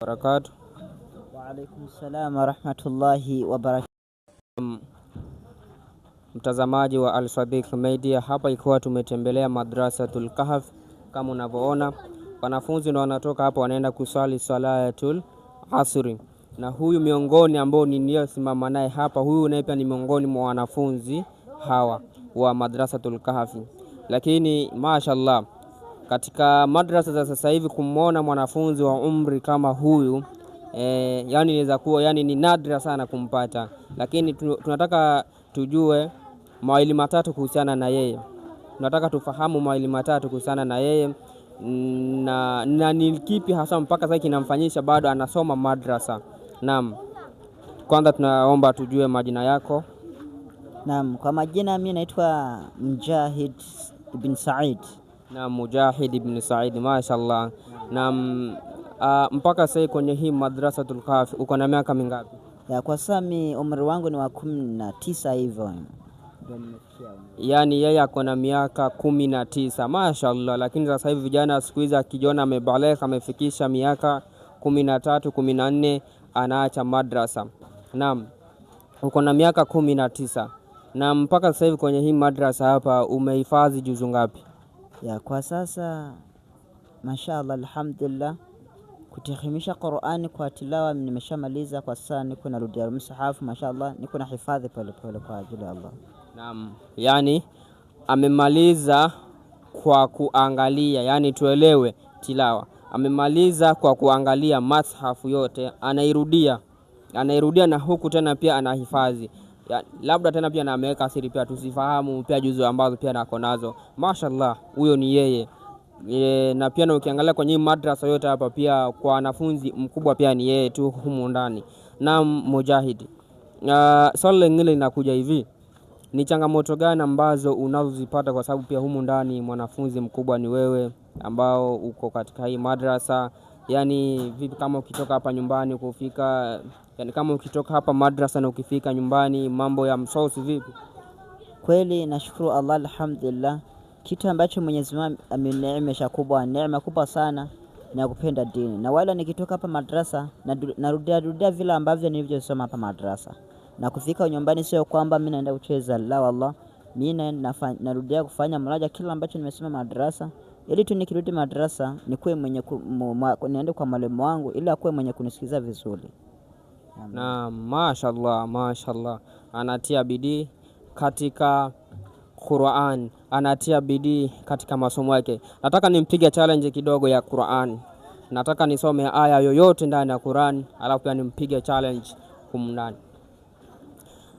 wabarakatuh. Wa salam warahmatullahi wabarakatuh. Mtazamaji wa alsadik Media, hapa ikiwa tumetembelea Madrasatul Kahf kama unavyoona, wanafunzi na wanatoka hapa wanaenda kuswali salatul asri, na huyu miongoni ambao niliyosimama naye hapa, huyu naye pia ni miongoni mwa wanafunzi hawa wa Madrasatul Kahfi, lakini mashaallah katika madrasa za sasa hivi kumwona mwanafunzi wa umri kama huyu e, yani inaweza kuwa yani ni nadra sana kumpata, lakini tunataka tujue mawili matatu kuhusiana na yeye, tunataka tufahamu mawili matatu kuhusiana na yeye na, na ni kipi hasa mpaka sasa kinamfanyisha bado anasoma madrasa. Naam, kwanza tunaomba tujue majina yako. Naam, kwa majina mimi naitwa Mujahid bin Said na Mujahid ibn Said, mashallah. Na uh, mpaka sasa kwenye hii madrasa tulkafi uko na miaka mingapi? Ya, kwa sasa mi umri wangu ni wa kumi na tisa hivyo. Yaani yeye ako na miaka kumi na tisa mashallah. Lakini sasa hivi vijana siku hizi akijiona amebaleka amefikisha miaka kumi na tatu kumi na nne anaacha madrasa. Naam, uko na miaka kumi na tisa na mpaka sasa hivi kwenye hii madrasa hapa umehifadhi juzu ngapi? ya kwa sasa mashallah, alhamdulillah kutihimisha Qur'ani kwa tilawa nimeshamaliza. Kwa sasa niko narudia msahafu mashallah, niko na hifadhi polepole kwa ajili ya Allah. Naam, yani amemaliza kwa kuangalia, yani tuelewe tilawa, amemaliza kwa kuangalia mashafu yote, anairudia anairudia, na huku tena pia anahifadhi ya, labda tena pia na ameweka siri pia tusifahamu pia juzu ambazo pia nako nazo mashallah, huyo ni yeye e, na pia na ukiangalia kwenye madrasa yote hapa pia kwa wanafunzi mkubwa pia ni yeye tu humu ndani na Mujahid. Uh, swali lingine linakuja hivi, ni changamoto gani ambazo unazozipata kwa sababu pia humu ndani mwanafunzi mkubwa ni wewe ambao uko katika hii madrasa yani vipi kama ukitoka hapa nyumbani kufika, yani kama ukitoka hapa madrasa na ukifika nyumbani mambo ya msosi vipi? Kweli nashukuru Allah, alhamdulillah, kitu ambacho Mwenyezi Mungu amenineemesha kubwa, neema kubwa sana na kupenda dini, na wala nikitoka hapa madrasa narudia rudia vile ambavyo nilivyosoma hapa madrasa na kufika nyumbani, sio kwamba mimi naenda kucheza la, wallah, mimi narudia kufanya mraja kila ambacho nimesoma madrasa ili tu nikirudi madarasa nikuwe mwenye niende kwa mwalimu wangu ili akuwe mwenye kunisikiza vizuri. Na mashallah, mashallah, anatia bidii katika Qur'an, anatia bidii katika masomo yake. Nataka nimpige challenge kidogo ya Qur'an. Nataka nisome aya yoyote ndani ya Qur'an, alafu pia nimpige challenge kumnani.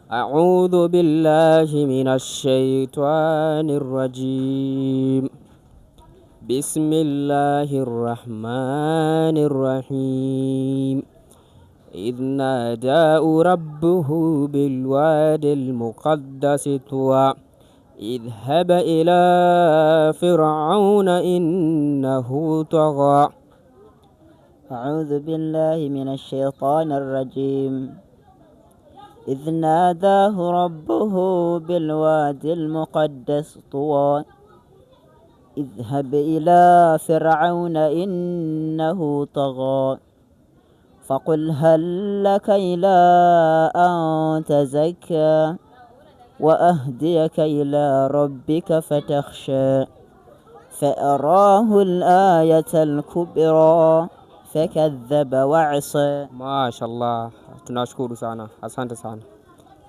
A'udhu billahi minash shaitani rajim بسم الله الرحمن الرحيم إذ نادى ربه بالواد المقدس طوى اذهب إلى فرعون إنه طغى أعوذ بالله من الشيطان الرجيم إذ ناداه ربه بالواد المقدس طوى اذهب إلى فرعون إنه طغى فقل هل لك إلى أن تزكى وأهديك إلى ربك فتخشى فأراه الآية الكبرى فكذب وعصى ما شاء الله تنشكر سانا أسانت سانا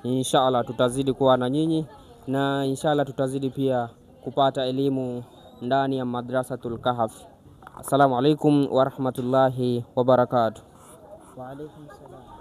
إن شاء الله تتزيد قوانا نيني na inshallah tutazidi pia kupata elimu ndani ya Madrasatul Kahaf. Assalamu alaikum warahmatullahi wabarakatuh. waalaikumsalam